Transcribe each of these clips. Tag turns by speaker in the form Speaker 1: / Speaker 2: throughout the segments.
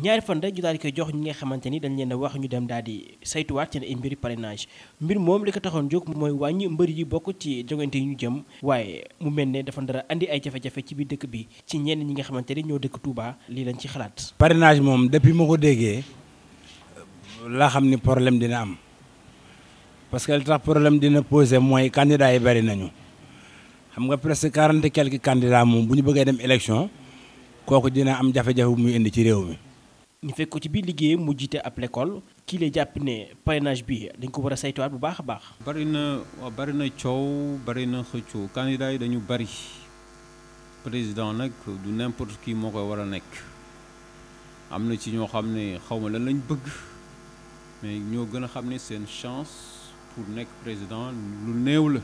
Speaker 1: ñaari fan de ñu daal di koy jox ñi nga xamante ni dañ leen wax ñu dem daal di saytuwaat seen ay mbiri parrainage mbir moom li ko taxoon jóg mooy wàññi mbër yi bokk ci jogante yi ñu jëm waaye mu mel ne dafa dara indi ay jafe-jafe ci biir dëkk bi ci ñenn ñi nga xamante ni ñoo dëkk Touba lii lañ ci xalaat
Speaker 2: parrainage moom depuis ma ko déggee laa xam ni problème dina am parce que li tax problème dina posé mooy candidats yi bari nañu xam nga presque quarante quelques candidats moom bu ñu bëggee dem élection kooku dina am jafe bu muy indi ci réew mi
Speaker 1: ñu fekk ko ci biir liggéey mu jiite ab l'école kii lay jàpp ne parrainage bi dañ ko war a saytuwaat bu baax a baax.
Speaker 3: bari na waaw bari na coow bari na xëccoo candidat yi dañu bari président nag du n'importe kii moo koy war a nekk am na ci ñoo xam ne xaw ma lan lañ bëgg mais ñoo gën a xam ne seen chance
Speaker 1: pour nekk président lu néew la.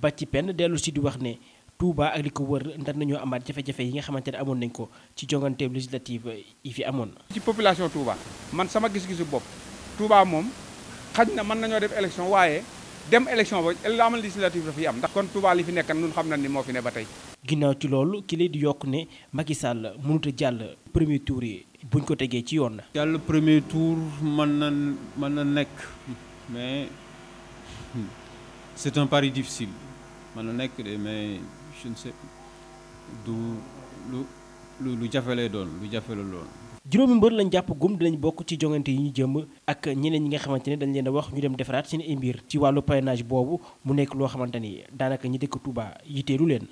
Speaker 1: ba ci penn dellu si di wax ne. Touba ak li ko wër ndar nañoo amaat jafe-jafe yi nga xamante amoon nañ ko ci jongante législative yi fi amoon.
Speaker 2: ci population Touba man sama gis-gisu bopp Touba moom xaj na mën nañoo def élection waaye dem élection ba la amal législative dafay am ndax kon Touba li fi nekk nun xam na ni moo fi ne ba tey.
Speaker 1: ginnaaw ci loolu ki di yokk ne Macky Sall mënut a jàll premier tour yi buñ ko tegee ci yoon. na
Speaker 3: jàll premier tour mën na mën na nekk mais hmm, c'est un pari je ne lu lu doon lu jafe la lool.
Speaker 1: juróomi mbër lañ jàpp gum dinañ bokk ci jongante yi ñu jëmm ak ñeneen ñi nga xamante ne dañ leen a wax ñu dem defaraat seen i mbir ci wàllu parrainage boobu mu nekk loo xamante ni daanaka ñi dëkk Touba yiteelu leen.